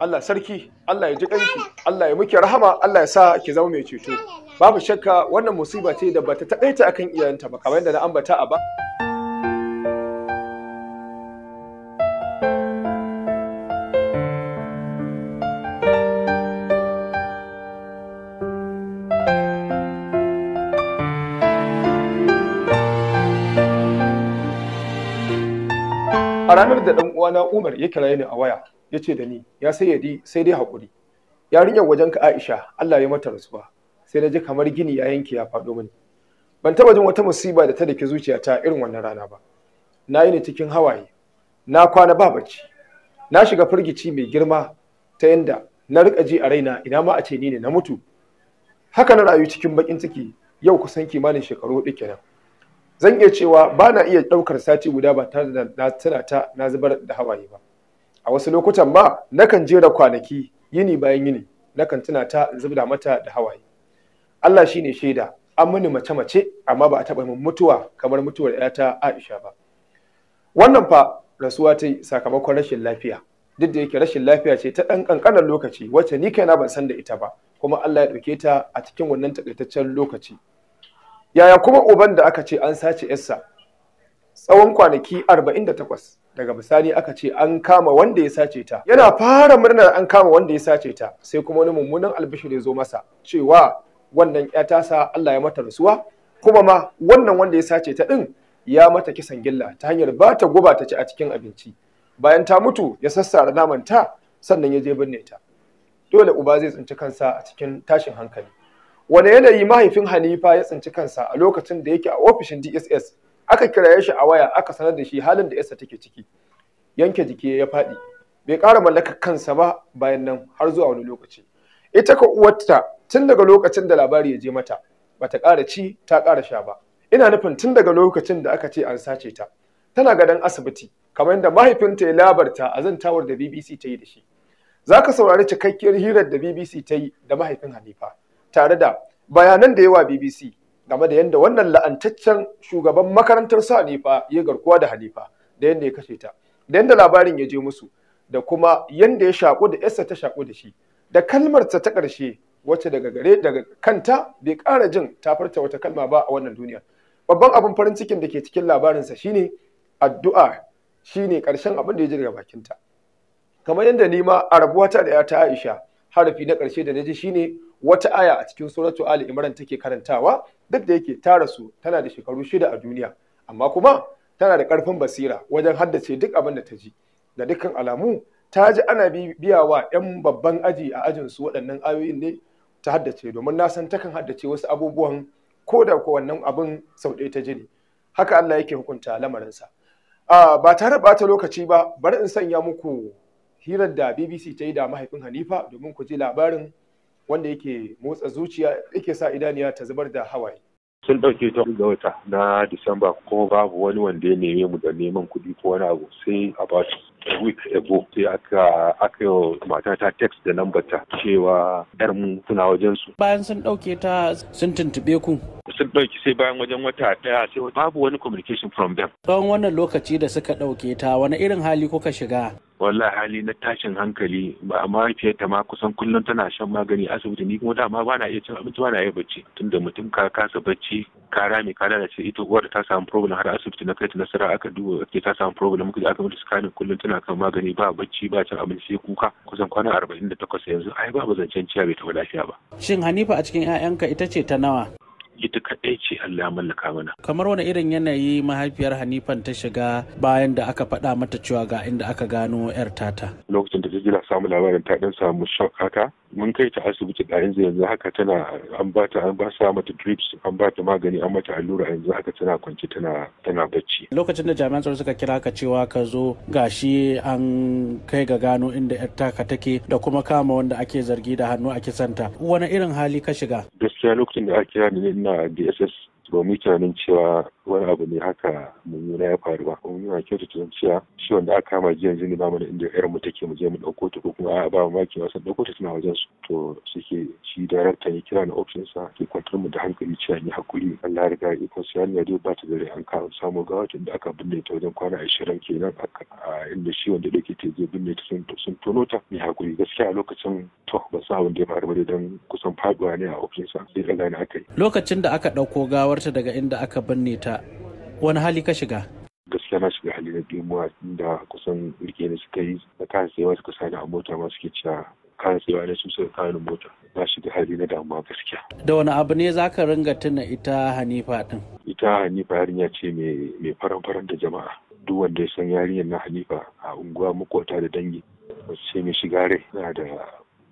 Allah sarki Allah ya ji ƙarfi, Allah ya muke rahama Allah ya sa ki zama mai ceto babu shakka wannan musiba ce da bata ta akan iyayenta ba kamar yadda na ambata a ba a ranar da ɗan uwana Umar ya kira ni a waya ya ce da ni ya sai ya di sai dai haƙuri yarinyar wajen ka Aisha Allah ya mata rasuwa sai na ji kamar gini ya yanke ya faɗo mini ban taɓa jin wata musiba da ta dake zuciyata irin wannan rana ba na yi ni cikin hawaye na kwana ba bacci na shiga firgici mai girma ta yanda na riƙa ji a raina ina ma a ce ni ne na mutu haka na rayu cikin baƙin ciki yau kusan kimanin shekaru hudu kenan zan iya cewa ba na iya ɗaukar sati guda ba tare da na tana ta na zubar da hawaye ba a wasu lokutan ba nakan jera kwanaki yini bayan yini nakan tuna ta zubda mata da hawaye Allah shi ne shaida an mini mace-mace amma ba a taɓa min mutuwa kamar mutuwar 'yata Aisha ba wannan fa rasuwa ta yi sakamakon rashin lafiya duk da yake rashin lafiya ce ta ɗan ƙanƙanar lokaci wacce ni kaina ban san da ita ba kuma Allah ya ɗauke ta a cikin wannan taƙaitaccen lokaci yaya kuma uban da aka ce an sace yarsa tsawon kwanaki arba'in da 48 daga bisani aka ce an kama wanda ya sace ta yana fara murnar an kama wanda ya sace ta sai kuma wani mummunan albishir ya zo masa cewa wannan ya tasa Allah ya mata rasuwa kuma ma wannan wanda ya sace ta din ya mata kisan gilla ta hanyar ba ta guba ta ci a cikin abinci bayan ta mutu ya sassara naman ta sannan ya je binne ta dole uba zai tsinci kansa a cikin tashin hankali wani yanayi mahaifin Hanifa ya tsinci kansa a lokacin da yake a ofishin DSS aka kiraye shi a waya aka sanar da shi halin da yasa take ciki yanke jiki ya faɗi bai ƙara mallaka kansa ba bayan nan har zuwa wani lokaci ita ka uwarta tun daga lokacin da labari ya je mata bata ƙara ci ta ƙara sha ba ina nufin tun daga lokacin da aka ce an sace ta tana gadon asibiti kamar yadda mahaifinta ya labarta a zantawar da BBC ta yi da shi za ka saurari cikakkiyar hirar da BBC ta yi da mahaifin Hanifa tare da bayanan da yawa BBC game da yadda wannan la'antaccen shugaban makarantar su Hanifa ya garkuwa da Hanifa da yadda ya kashe ta da yadda labarin ya je musu da kuma yadda ya shaƙo da yarsa ta shaƙo da shi da kalmar ta ta ƙarshe wacce daga gare daga kanta bai ƙara jin ta farta wata kalma ba a wannan duniya babban abin farin cikin da ke cikin labarinsa shine addu'a shine ƙarshen abin da ya ji daga bakinta kamar yadda ni ma a rabuwata da ta Aisha harafi na ƙarshe da na ji shine wata aya a cikin suratu Ali Imran take karantawa duk da yake ta rasu tana da shekaru shida a duniya amma kuma tana da ƙarfin basira wajen haddace duk abin da ta ji da dukkan alamu ta ji ana biya wa 'yan babban aji a ajin su waɗannan ayoyin ne ta haddace domin na san takan haddace wasu abubuwan ko da ko wannan abin sau ɗaya ta ji ne haka Allah yake hukunta lamarinsa ba tare ɓata lokaci ba bari in sanya muku hirar da BBC ta yi da mahaifin Hanifa domin ku ji labarin wanda yake motsa zuciya yake sa idaniya ta zubar da hawaye sun ɗauke ta ga wata na disamba ko babu wani wanda ya neme mu da neman kuɗi ko wani abu sai a ba wiki week ago sai aka aka yi mata ta text da "number" ta cewa yar mu suna wajen su bayan sun ɗauke ta sun tuntube ku sun ɗauki sai bayan wajen wata ɗaya sai babu wani communication from them tsawon wannan lokaci da suka ɗauke ta wani irin hali kuka shiga wallahi hali na tashin hankali ba amma ta ma kusan kullum tana shan magani asibiti ni kuma dama ba na iya cin abinci ba na iya bacci da mutum ka kasa bacci ka rame ka lalace ita uwar ta samu problem har asibiti na kai ta nasara aka duba ake ta samu problem muka aka mutu scanning kullum tana kan magani ba bacci ba cin abinci sai kuka kusan kwana arba'in da takwas yanzu ai ba zancen ciya bai taɓa lafiya ba. Shin Hanifa a cikin 'ya'yanka ita ce ta nawa? ita kaɗai ce Allah ya mallaka mana. Kamar wani irin yanayi mahaifiyar Hanifan ta shiga bayan da aka faɗa mata cewa ga inda aka gano 'yar tata. Lokacin da ta jira samu labarin ta ɗan samu shock haka mun kai ta asibiti da yanzu yanzu haka tana an ba ta an ba sa mata drips an ba ta magani an mata allura yanzu haka tana kwance tana tana bacci lokacin da jami'an tsaro suka kira ka cewa ka zo gashi an kai ga gano inda yar taka take da kuma kama wanda ake zargi da hannu a kisanta wani irin hali ka shiga da gaskiya lokacin da aka kira na ina DSS domin tunanin cewa wani abu ne haka mummuna ya faru ba kuma yana kyautu ta cewa shi wanda aka kama jiyan jini ba mana inda yar mu take mu je mu ɗauko ta ko kuma a ba maki wasan ɗauko ta tana wajen su to suke shi daraktan ya kira na ofishin sa ke kwantar mu da hankali cewa ni hakuri Allah ya riga iko su yarinya dai ba ta dare an kawo samu gawa da aka binne ta wajen kwana ashirin kenan a inda shi wanda dake ta je binne ta sun tono ta ni hakuri gaskiya a lokacin to ba sa abin da ya faru ba don kusan faduwa ne a ofishin sa sai Allah ne aka lokacin da aka gawar gawarta daga inda aka binne ta wani hali ka shiga gaskiya na shiga hali na dimuwa inda kusan rike ne suka yi da kayan tsayawa suka sani a mota ma suke cewa kayan tsayawa ne sun suka kayan mota na shiga hali na damuwa gaskiya da wani abu ne za ka ringa tuna ita hanifa ɗin? ita hanifa yarinya ce mai faran faran da jama'a duk wanda ya san yarinyar na hanifa a unguwa makota da dangi ce mai shiga rai na da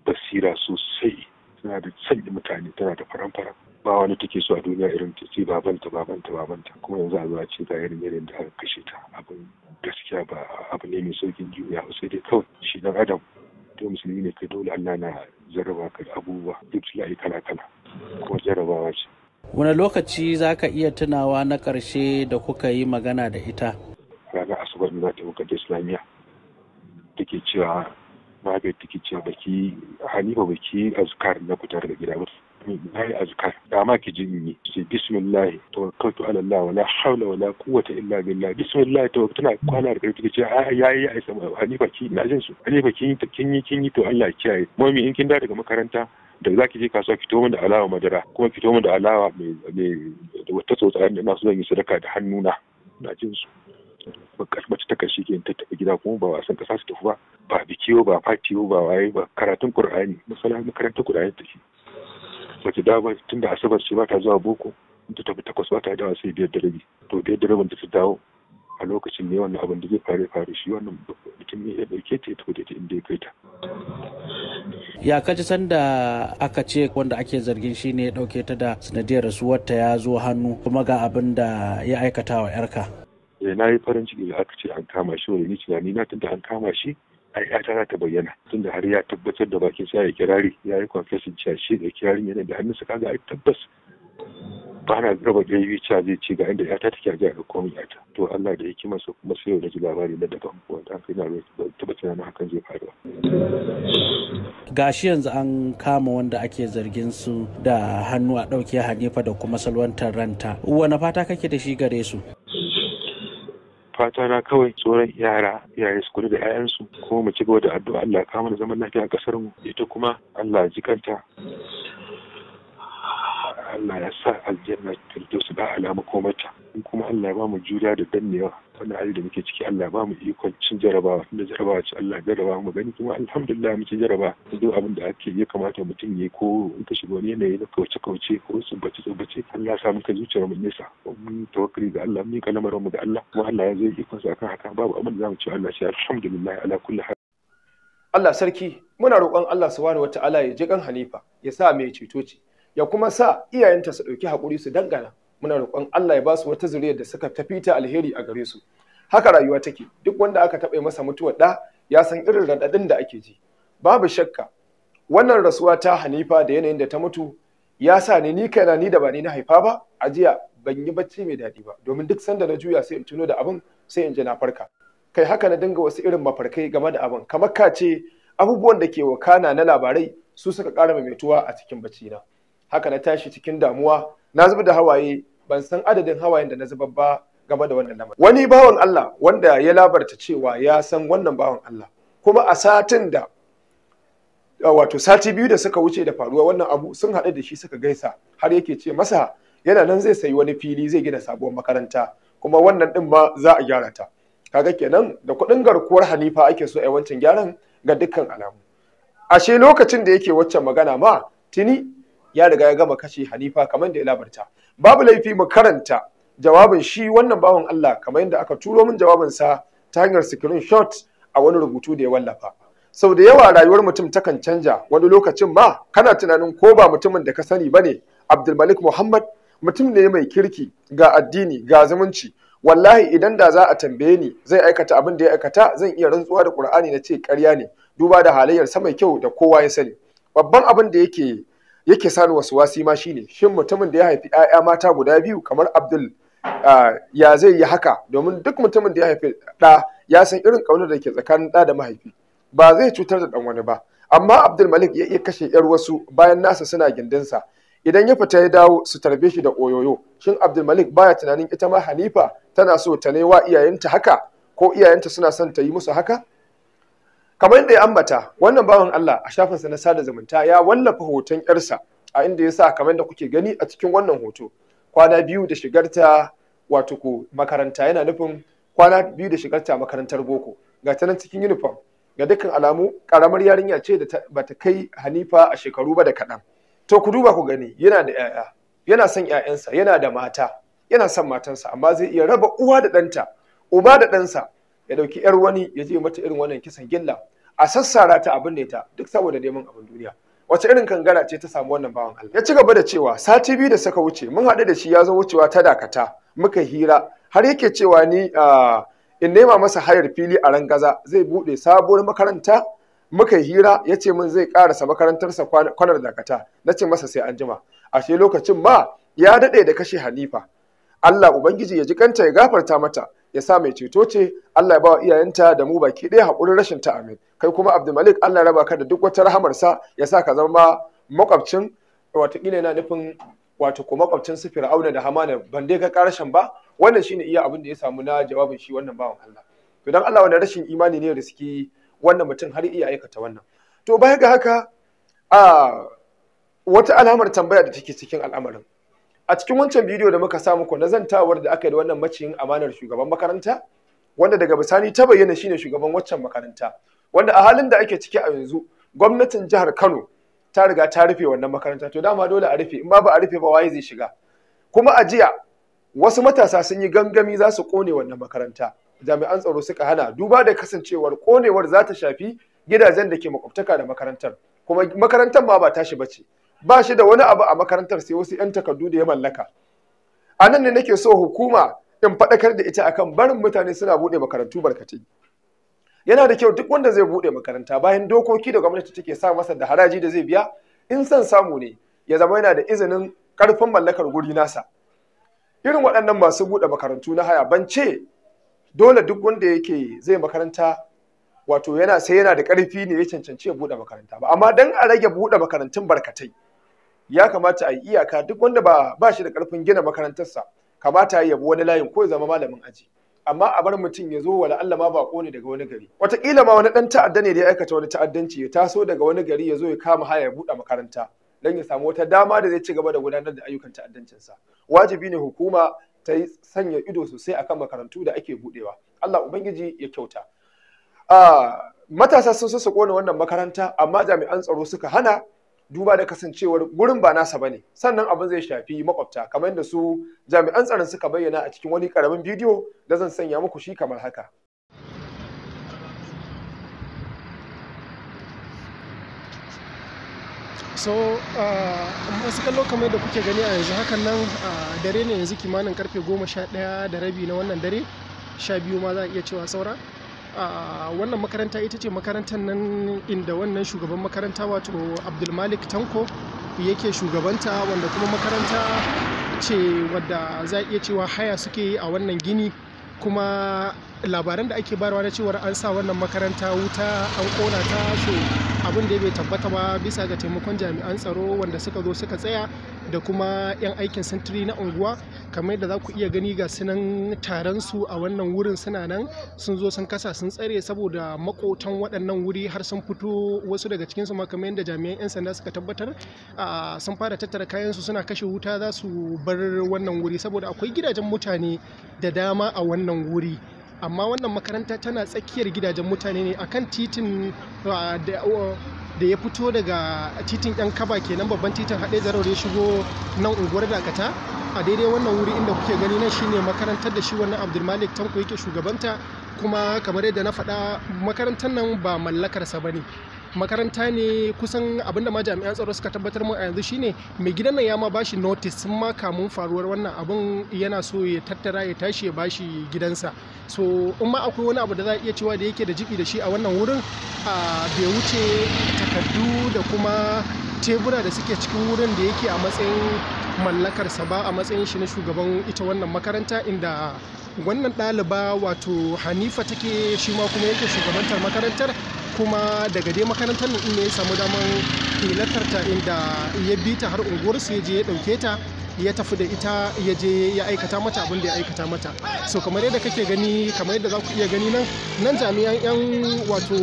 basira sosai suna da sanya mutane tana da faran faran ba wani take so a duniya irin ta ce babanta babanta babanta kuma yanzu a zuwa ce ga irin irin da aka kashe ta abin gaskiya ba abu ne mai saukin juya ba sai dai kawai shi dan adam to musulmi ne kai dole Allah na jarraba ka da abubuwa yi kala kala kuma jarrabawa ce wani lokaci za ka iya tunawa na karshe da kuka yi magana da ita ranar asabar na da islamiyya take cewa ta take cewa baki hanifa baki azkar na fitar da gida ba na yi دعما dama ki الله in yi الله ولا حول ولا قوة إلا بالله بسم الله illa billah bismillah to tana يا da karfi ce a yayi ai ani baki ina jin su ani baki kin yi kin yi to kiyaye in da A da za ki je kasuwa ki tomo da alawa madara kuma ki tomo da alawa mai wata tsotsa ina so zan yi sadaka da hannuna na jin su mace ta kashi ke ta tafi gida kuma ba wasan kasa su tafi ba ba bikiyo ba fatiyo ba waye ba karatun qur'ani misalan makarantar qur'ani tafi mace dawo tun da asabar ce ba ta zuwa boko in ta tafi takwas ba ta dawo sai biyar da rabi to biyar da rabin ta dawo a lokacin ne wannan abin da zai fare fare shi wannan mutum ne ya dauke ta ya tafi da inda ya kai ta. ya kaji sanda aka ce wanda ake zargin shi ne ya dauke ta da sanadiyar rasuwarta ya zo hannu kuma ga abin da ya aikata wa yarka. Eh, na yi farin ciki da aka ce an kama shi wani tunani na tunda an kama shi ai ya za ta bayyana tunda har ya tabbatar da bakin sa ya kirari ya yi confession cewa shi da kirarin yana da hannunsa kaga a tabbas ba na raba gaibi cewa zai ci ga inda ta take ga ga komai 'yata, to Allah da hikima su kuma sai yau na ji labari na daban wanda aka yana tabbatar na hakan zai faruwa gashi yanzu an kama wanda ake zargin su da hannu a ɗauke Hanifa da kuma salwantar ranta wani fata kake da shi gare su fata na kawai tsoron yara iyaye su kula da 'ya'yansu kuma mu ci gaba da addu'a Allah ya kama da zaman lafiya a kasar mu ita kuma Allah ya jikanta Allah ya sa aljanna firdausu da ko mata in kuma Allah ya ba mu juriya da dannewa wannan hali da muke ciki Allah ya ba mu ikon cin jarabawa tunda jarabawa ce Allah ya jaraba mu gani kuma alhamdulillah cin jaraba duk abin da ake ya kamata mutum ya ko in ka shiga wani yanayi na kauce kauce ko su bace Allah ya sa muka zuciyar mu nesa mun tawakkali ga Allah mun yi mu ga Allah kuma Allah ya zai ikon sa akan haka babu abin da zamu ci Allah sai alhamdulillah ala kulli hal Allah sarki muna roƙon Allah subhanahu wata'ala ya je kan Halifa, ya sa mai ceto ce ya kuma sa iyayenta su ɗauki haƙuri su dangana muna roƙon Allah ya ba su wata zuriyar da suka tafi ta alheri a gare su haka rayuwa take duk wanda aka taɓa masa mutuwar ɗa ya san irin raɗaɗin da ake ji babu shakka wannan rasuwa ta Hanifa da yanayin da ta mutu ya sa ni ni kaina ni da ba ni na haifa ba a jiya ban yi bacci mai daɗi ba domin duk sanda na juya sai in tuno da abin sai in ji na farka kai haka na dinga wasu irin mafarkai game da abin kamar ka ce abubuwan da ke wakana na labarai su suka ƙara maimaituwa a cikin bacci na. haka na tashi cikin damuwa na zuba da hawaye ban san adadin hawayen da na zubar ba game da wannan lamarin wani bawan Allah wanda ya labarta cewa ya san wannan bawan Allah kuma a satin da wato sati biyu da suka wuce da faruwa wannan abu sun haɗu da shi suka gaisa har yake ce masa yana nan zai sayi wani fili zai gina sabuwar makaranta kuma wannan din ma za a gyara ta kaga kenan da kuɗin garkuwar Hanifa ake so a wancan gyaran ga dukkan alamu ashe lokacin da yake waccan magana ma tuni ya riga ya gama kashe hanifa kamar da ya labarta babu laifi mu karanta jawabin shi wannan bawan Allah kamar yadda aka turo min jawabinsa ta hanyar screenshot a wani rubutu da ya wallafa sau da yawa rayuwar mutum takan canja wani lokacin ma kana tunanin ko ba mutumin da ka sani ba ne abdulmalik muhammad mutum ne mai kirki ga addini ga zumunci wallahi idan da za a tambaye ni zai aikata abin da ya aikata zan iya rantsuwa da qur'ani na ce ƙarya ne duba da halayyar sa mai kyau da kowa ya sani babban abin da yake yake sani wasu wasi ma shine shin mutumin da ya haifi 'ya'ya mata guda biyu kamar Abdul ya zai yi haka domin duk mutumin da ya haifi ɗa ya san irin ƙaunar da ke tsakanin ɗa da mahaifi ba zai cutar da ɗan wani ba amma Abdul Malik ya iya kashe 'yar wasu bayan nasa suna gindinsa idan ya fita ya dawo su tarbe shi da oyoyo shin Abdul Malik baya tunanin ita ma Hanifa tana so ta ne wa iyayenta haka ko iyayenta suna son ta yi musu haka kamar da ya ambata wannan bawan Allah a shafinsa na sada zumunta ya wallafa hoton yarsa a inda ya sa kamar da kuke gani a cikin wannan hoto kwana biyu da shigarta wato ko makaranta yana nufin kwana biyu da shigarta makarantar boko ga ta cikin uniform ga dukkan alamu karamar yarinya ce da ba ta kai hanifa a shekaru ba da kaɗan to ku duba ku gani yana da 'ya'ya yana son 'ya'yansa yana da mata yana son matansa amma zai iya raba uwa da ɗanta uba da ɗansa ya dauki yar wani ya je mata irin wannan kisan gilla a sassara ta abin ne ta duk saboda neman abin duniya wace irin kangara ce ta samu wannan bawan Allah ya ci gaba da cewa sati biyu da suka wuce mun haɗu da shi ya zo wucewa ta dakata muka hira har yake cewa ni in nema masa hayar fili a ran gaza, zai buɗe sabuwar makaranta muka hira ya ce min zai ƙarasa makarantarsa kwanar dakata na ce masa sai an jima ashe lokacin ma ya daɗe da kashe hanifa Allah Ubangiji ya ji kanta ya gafarta mata ya sa mai ceto ce Allah ya bawa iyayenta da mu baki ɗaya haƙurin rashin ta amin kai kuma Abdulmalik Allah ya raba ka da duk wata rahamarsa ya sa ka zama makwabcin watakila yana nufin wato ko makwabcin su Fir'auna da Hamana ban dai ga karashin ba wannan shine iya abin da ya samu na jawabin shi wannan bawan Allah to dan Allah wannan rashin imani ne da suke wannan mutum har iya aikata wannan to baya ga haka a wata alamar tambaya da take cikin al'amarin a cikin wancan bidiyo da muka samu muku na zantawar da aka yi da wannan maciyin amanar shugaban makaranta wanda daga bisani ta bayyana shine shugaban waccan makaranta wanda a halin da ake ciki a yanzu gwamnatin jihar Kano ta riga ta rufe wannan makaranta to dama dole a rufe in ba ba a rufe ba waye zai shiga kuma a jiya wasu matasa sun yi gangami za su kone wannan makaranta jami'an tsaro suka hana duba da kasancewar konewar za ta shafi gidajen da ke makwabtaka da makarantar kuma makarantar ma ba tashi bace ba shi da wani abu a makarantar sai wasu 'yan takardu da ya mallaka a nan ne nake so hukuma in faɗakar da ita akan barin mutane suna buɗe makarantu barkatai yana da kyau duk wanda zai buɗe makaranta bayan dokoki da gwamnati take sa masa da haraji da zai biya in son samu ne ya zama yana da izinin ƙarfin mallakar guri nasa irin waɗannan masu buɗe makarantu na haya ban ce dole duk wanda yake zai makaranta wato yana sai yana da ƙarfi ne ya cancanci ya buɗe makaranta ba amma dan a rage buɗe makarantun barkatai ya kamata a yi iyaka duk wanda ba ba shi da karfin gina makarantarsa kamata ya bi wani layin ko ya zama malamin aji amma a bar mutum ya zo wala Allah ma ba ne daga wani gari wataƙila ma wani dan ta'adda ne da ya aikata wani ta'addanci ya taso daga wani gari ya zo ya kama haya ya buɗe makaranta don ya samu wata dama da zai ci gaba da gudanar da ayyukan ta'addancinsa wajibi ne hukuma ta yi sanya ido sosai akan makarantu da ake buɗewa Allah ubangiji ya kyauta ah, matasa sun so su kone wannan makaranta amma jami'an tsaro suka hana duba da kasancewar gurin ba nasa bane sannan abin zai shafi makwabta kamar da su jami'an tsaron suka bayyana a cikin wani karamin bidiyo da zan sanya muku shi kamar haka so masu uh, kallo kamar da kuke gani a yanzu hakan nan uh, dare ne yanzu kimanin karfe goma sha ɗaya da rabi na wannan dare sha biyu ma za a iya cewa saura wannan makaranta ita ce makarantar nan inda wannan shugaban makaranta wato abdulmalik tanko yake shugabanta wanda kuma makaranta ce wadda za a iya cewa haya suke yi a wannan gini kuma labaran da ake bayarwa na cewa an sa wannan makaranta wuta an kona ta so abin da bai tabbata ba bisa ga taimakon jami'an tsaro wanda suka zo suka tsaya da kuma 'yan aikin sintiri na unguwa kamar yadda za ku iya gani ga sunan taron su a wannan wurin suna nan sun zo sun kasa sun tsare saboda makotan waɗannan wuri har sun fito wasu daga cikin su ma kamar yadda jami'an 'yan sanda suka tabbatar sun fara tattara kayan su suna kashe wuta za su bar wannan wuri saboda akwai gidajen mutane da dama a wannan wuri amma wannan makaranta tana tsakiyar gidajen mutane ne akan titin da ya fito daga titin yan kaba kenan babban titin haɗe zarar ya shigo nan unguwar dakata a daidai wannan wuri inda kuke gani nan shine makarantar da shi wannan abdulmalik tanko yake shugabanta kuma kamar yadda na faɗa makarantar nan ba mallakarsa ba ne makaranta ne kusan abinda ma jami'an tsaro suka tabbatar mu a yanzu shine mai gidan nan ya ma bashi notice sun ma kamun faruwar wannan abun yana so ya tattara ya tashi ya bashi gidansa so in ma akwai wani abu da za a iya cewa da yake da jibi da shi a wannan wurin a bai wuce takardu da kuma tebura da suke cikin wurin da yake a matsayin mallakarsa ba a matsayin shi na shugaban ita wannan makaranta inda wannan ɗaliba wato hanifa take shi ma kuma yake shugabantar makarantar kuma daga dai makarantar nan ne ya samu damar hilatar ta inda ya bi ta har unguwarsu ya je ya ɗauke ta ya tafi da ita ya je ya aikata mata abin da ya aikata mata so kamar yadda kake gani kamar yadda za ku iya gani nan nan jami'an yan wato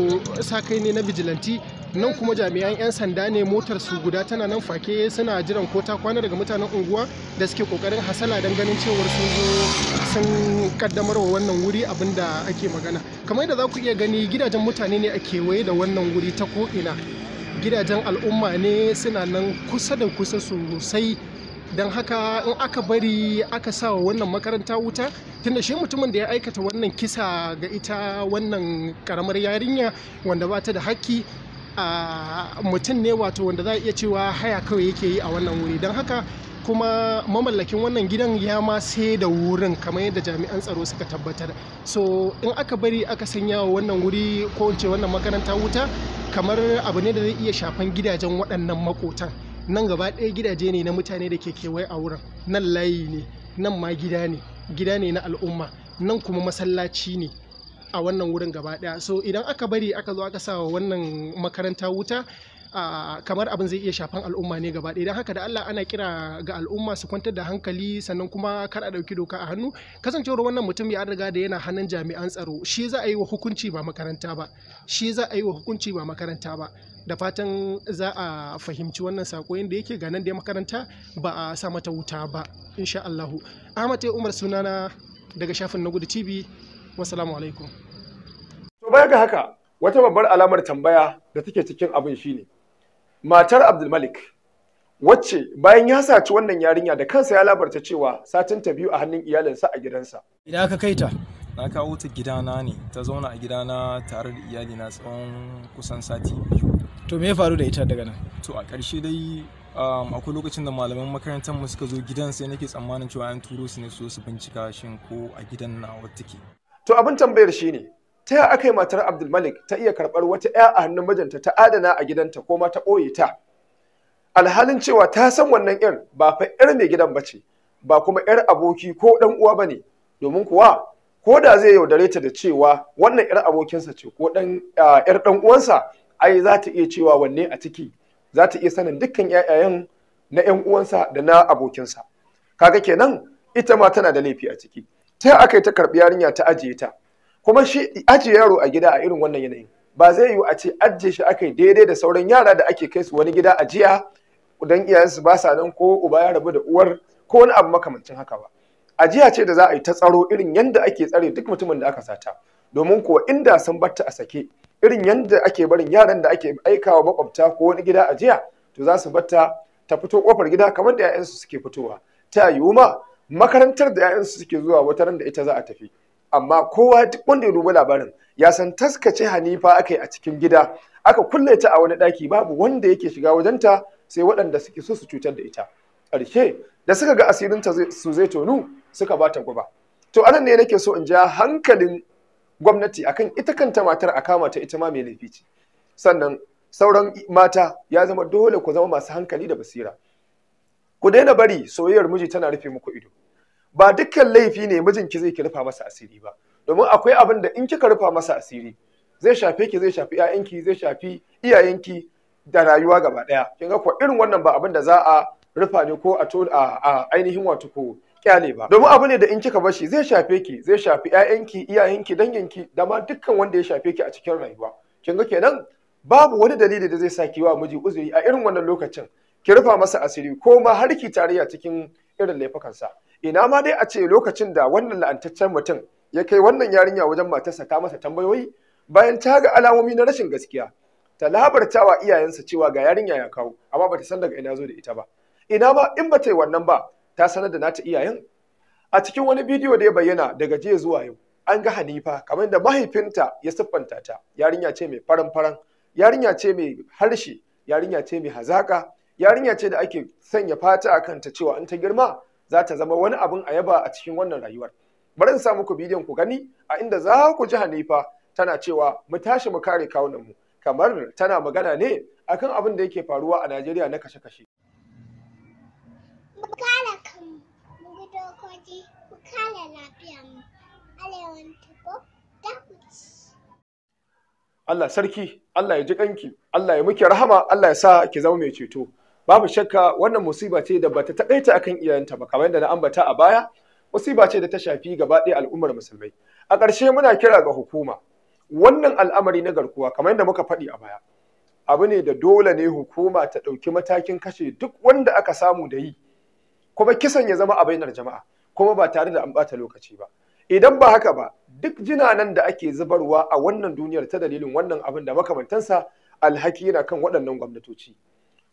sa kai ne na bijilanti nan kuma jami'an 'yan sanda ne motar su guda tana nan fake suna jiran ko ta kwana daga mutanen unguwa da suke kokarin hasala don ganin cewar sun zo sun kaddamar wa wannan wuri abin da ake magana kamar yadda za ku iya gani gidajen mutane ne a kewaye da wannan wuri ta ko'ina gidajen al'umma ne suna nan kusa da kusa sosai don haka in aka bari aka sa wa wannan makaranta wuta tunda shi mutumin da ya aikata wannan kisa ga ita wannan karamar yarinya wanda ba ta da haƙƙi mutum ne wato wanda za a iya cewa haya kawai yake yi a wannan wuri don haka kuma mamallakin wannan gidan ya ma sai da wurin kamar yadda jami'an tsaro suka tabbatar so in aka bari aka sanya wa wannan wuri ko ce wannan makaranta wuta kamar abu ne da zai iya shafan gidajen waɗannan makotan nan gaba ɗaya gidaje ne na mutane da ke kewaye a wurin nan layi ne nan ma gida ne gida ne na al'umma nan kuma masallaci ne a wannan wurin gaba daya so idan aka bari aka zo aka sawa wannan makaranta wuta kamar abin zai iya shafan al'umma ne gaba idan haka da Allah ana kira ga al'umma su kwantar da hankali sannan kuma kar a ɗauki doka a hannu kasancewar wannan mutum ya riga da yana hannun jami'an tsaro shi za a yi wa hukunci ba makaranta ba shi za a yi wa hukunci ba makaranta ba da fatan za a fahimci wannan sako da yake ga nan da makaranta ba a sa mata wuta ba insha Allahu Ahmad Umar sunana daga shafin Nagudu TV wassalamu alaikum baya ga haka wata babbar alamar tambaya da take cikin abin shine matar Abdulmalik wacce bayan ya saci wannan yarinya da kansa ya labarta cewa satin ta biyu a hannun iyalinsa a gidansa. Idan aka kai ta na kawo ta gidana ne ta zauna a gidana tare da iyalina tsawon kusan sati biyu. To me ya faru da ita daga nan? To a ƙarshe dai um, akwai lokacin da malaman makarantar mu suka zo gidan sai nake tsammanin cewa an turo su ne su su bincika shin ko a gidan na wata ke. To abin tambayar shine ta ya aka yi matar Abdulmalik ta iya karɓar wata 'ya a hannun mijinta ta adana a gidanta ko ma ta ɓoye ta alhalin cewa ta san wannan 'yar ba fa 'yar mai gidan ba ce ba kuma 'yar aboki ko ɗan uwa ba ne domin kuwa ko da zai yaudare ta da cewa wannan 'yar abokinsa ce ko ɗan 'yar ɗan uwansa ai za ta iya cewa wanne a ciki za ta iya sanin dukkan 'ya'yayen na 'yan uwansa da na abokinsa kaga kenan ita ma tana da laifi a ciki ta aka yi ta karɓi yarinya ta ajiye ta kuma shi ajiye yaro a gida a irin wannan yanayin ba zai yiwu a ce ajiye shi aka yi daidai da sauran yara da ake kai su wani gida a jiya don iyayensu ba sa nan ko uba ya rabu da uwar ko wani abu makamancin haka ba ajiya ce da za a yi ta tsaro irin yadda ake tsare duk mutumin da aka sata domin kuwa inda sun batta a sake irin yadda ake barin yaran da ake aikawa makwabta ko wani gida a jiya, to za su batta ta fito kofar gida kamar da 'ya'yansu suke fitowa ta yiwu ma makarantar da 'ya'yansu suke zuwa wata ran da ita za a tafi amma kowa wanda ya dubi labarin ya san taskace hanifa aka yi a cikin gida aka kulle ta a wani daki, babu wanda yake shiga wajenta sai waɗanda suke so su cutar da ita ƙarshe da suka ga asirinta su zai tonu suka ba ta guba to anan ne nake so in ja hankalin gwamnati akan ita kanta matar a kama ta ita ma mai laifi ce sannan sauran mata ya zama dole ku zama masu hankali da basira ku daina bari soyayyar miji tana rufe muku ido ba dukkan laifi ne mijinki zai ki rufa masa asiri ba domin akwai abin da in kika rufa masa asiri zai shafe ki zai shafi ƴaƴanki zai shafi iyayenki da rayuwa gaba ɗaya kin ga ko irin wannan ba abin da za a rufa ne ko a to a ainihin wato ko kyale ba domin abu ne da in kika bashi zai shafe ki zai shafi ƴaƴanki iyayenki danginki da ma dukkan wanda ya shafe ki a cikin rayuwa kin ga kenan babu wani dalili da zai sa ki wa miji uzuri a irin wannan lokacin ki rufa masa asiri ko ma har ki tarayya cikin irin laifukansa ina ma dai a ce lokacin da wannan la'antaccen mutum ya kai wannan yarinya wajen matarsa ta masa tambayoyi bayan ta ga alamomi na rashin gaskiya ta labartawa iyayensa cewa ga yarinya ya kawo amma bata san daga ina zo da ita ba ina ma in bata yi wannan ba ta sanar da nata iyayen a cikin wani bidiyo da ya bayyana daga jiya zuwa yau an ga Hanifa kamar da mahaifinta ya siffanta ta yarinya ce mai faran faran yarinya ce mai harshe yarinya ce mai hazaka yarinya ce da ake sanya fata a kanta cewa an ta girma za ta zama wani abin a yaba a cikin wannan rayuwar bari in sa muku bidiyon ku gani a inda za ku ji Hanifa tana cewa mu tashi mu kare kawunan mu kamar tana magana ne akan abin da yake faruwa a Najeriya na kashe-kashe Allah sarki Allah ya ji kanki Allah ya muke rahama Allah ya sa ki zama mai ceto babu shakka wannan musiba ce da bata takaita akan iyayenta ba kamar yadda na ambata a baya musiba ce da ta shafi gaba ɗaya al'ummar musulmai a ƙarshe muna kira ga hukuma wannan al'amari na garkuwa kamar yadda muka faɗi a baya abu ne da dole ne hukuma ta ɗauki matakin kashe duk wanda aka samu da yi kuma kisan ya zama a bainar jama'a kuma ba tare da an ɓata lokaci ba idan ba haka ba duk jinanan da ake zubarwa a wannan duniyar ta dalilin wannan abin da makamantansa alhaki yana kan waɗannan gwamnatoci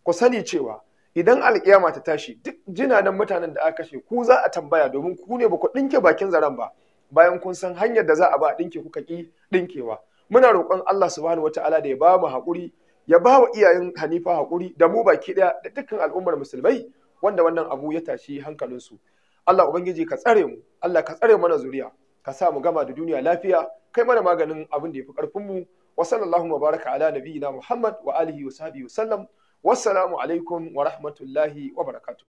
ku sani cewa idan alkiyama ta tashi duk jinanan mutanen da aka kashe ku za a tambaya domin ku ne ba ku ɗinke bakin zaren ba bayan kun san hanyar da za a ba a ɗinke kuka ki ɗinkewa muna roƙon Allah subhanahu wataala da ya ba mu haƙuri ya ba wa iyayen Hanifa haƙuri da mu baki ɗaya da dukkan al'ummar musulmai wanda wannan abu ya tashi hankalinsu Allah ubangiji ka tsare mu Allah ka tsare mana zuriya ka sa mu gama da duniya lafiya kai mana maganin abin da ya fi ƙarfin mu wa sallallahu baraka ala nabiyina Muhammad wa alihi wa sahbihi sallam wassalamu alaikum wa rahmatullahi wa barakatu